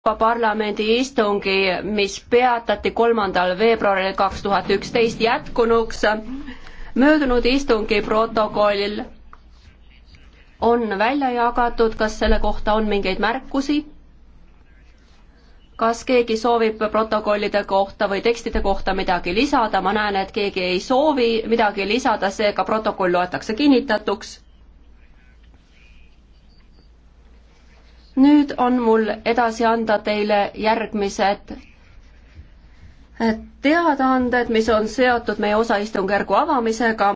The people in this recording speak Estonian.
Euroopa Parlamendi istungi, mis peatati kolmandal veebruaril kaks tuhat üksteist jätkunuks. möödunud istungi protokollil on välja jagatud, kas selle kohta on mingeid märkusi? kas keegi soovib protokollide kohta või tekstide kohta midagi lisada, ma näen, et keegi ei soovi midagi lisada, seega protokoll loetakse kinnitatuks nüüd on mul edasi anda teile järgmised eh, teadaanded, mis on seotud meie osaistungjärgu avamisega.